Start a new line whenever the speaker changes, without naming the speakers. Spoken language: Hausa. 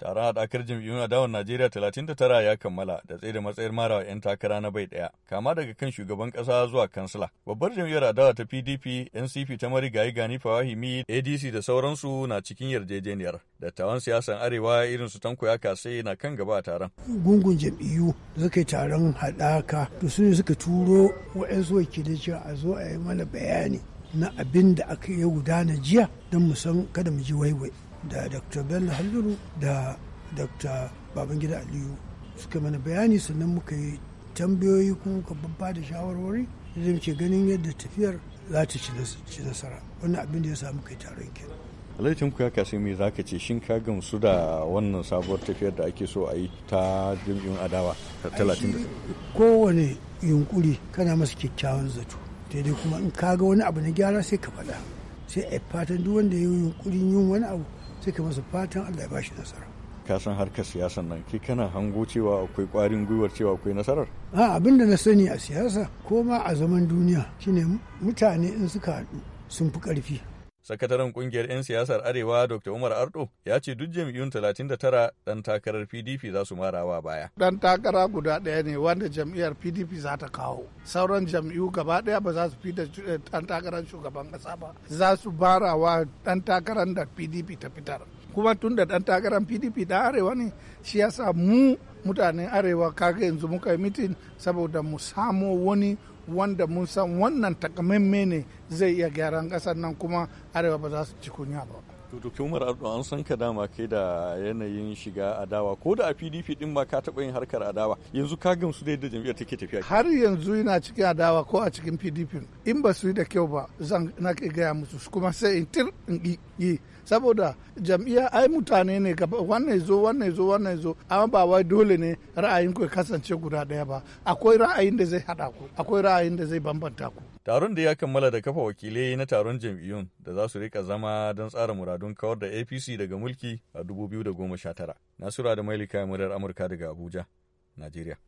Taron haɗakar jam'iyyun adawar Najeriya 39 ya kammala da tsaye da matsayar marawa 'yan takara na bai ɗaya, kama daga kan shugaban ƙasa zuwa kansila. Babbar jam'iyyar adawa ta PDP, NCP ta mari marigayi Gani Fawahimi, ADC da sauransu na cikin yarjejeniyar. Dattawan siyasan Arewa irin su Tanko ya kase na kan gaba a taron.
Gungun jam'iyyu da suka yi taron haɗaka, to su ne suka turo wa'yansu wakilai cewa a zo a yi mana bayani na abin da aka yi gudana jiya don mu san kada mu ji waiwai. da dr bello halluru da dr babangida aliyu suka mana bayani sannan muka yi tambayoyi kuma muka babba da shawarwari da muke ganin yadda tafiyar za ta ci nasara wannan abin da ya samu kai taron ke
alaikin ku ya kasu mai za ka ce shin ka gamsu da wannan sabuwar tafiyar da ake so a yi ta adawa talatin da
kowane yunkuri kana masa kyakkyawan zato daidai kuma in ka ga wani abu na gyara sai ka faɗa sai a fatan duk wanda ya yi yunkurin yin wani abu sai ka masa fatan Allah ya bashi nasara
ka san harkar siyasan nan ki kana hango cewa akwai kwarin gwiwar cewa akwai nasarar
a abin da na sani a siyasa ko ma a zaman duniya shine mutane in suka haɗu sun fi
ƙarfi Sakataren kungiyar 'yan siyasar Arewa Dr. Umar Ardo ya ce duk jam'iyyun 39 dan takarar PDP za su marawa baya.
Ɗan takara guda ɗaya ne wanda jam'iyyar PDP za ta kawo. Sauran jam'iyyu gaba ɗaya ba za su fi da ɗan takarar shugaban ƙasa ba. Za su barawa ɗan takarar da PDP ta fitar. kuma tun da dan takarar pdp da arewa ne shi yasa mu mutanen arewa kaga yanzu muka yi mitin saboda mu samo wani wanda mun san wannan takamaimai ne zai iya gyaran kasar nan kuma arewa ba za su ci kunya ba
Duduki Umar Ardo an san ka dama kai da yanayin shiga adawa ko da a PDP din ba ka taɓa yin harkar adawa yanzu ka gamsu da yadda jam'iyyar take tafiya. Har
yanzu ina cikin adawa ko a cikin PDP in ba su yi da kyau ba zan na gaya musu kuma sai in tir in yi saboda jam'iyya ai mutane ne gaba wannan zo wannan zo wannan zo amma ba wai dole ne ra'ayin ku kasance guda ɗaya ba akwai ra'ayin da zai haɗa ku akwai ra'ayin da zai bambanta ku
taron da ya kammala da kafa wakilai na taron jam'iyyun da za su rika zama don tsara muradun kawar da APC daga mulki a 2019 Nasura da Mailika murar Amurka daga Abuja Najeriya